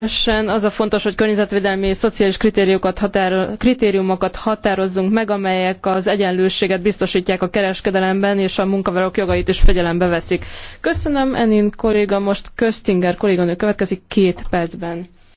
Természetesen az a fontos, hogy környezetvédelmi és szociális kritériumokat, határo, kritériumokat határozzunk meg, amelyek az egyenlőséget biztosítják a kereskedelemben, és a munkavállalók jogait is figyelembe veszik. Köszönöm, Enin kolléga, most Köztinger kolléganő következik két percben.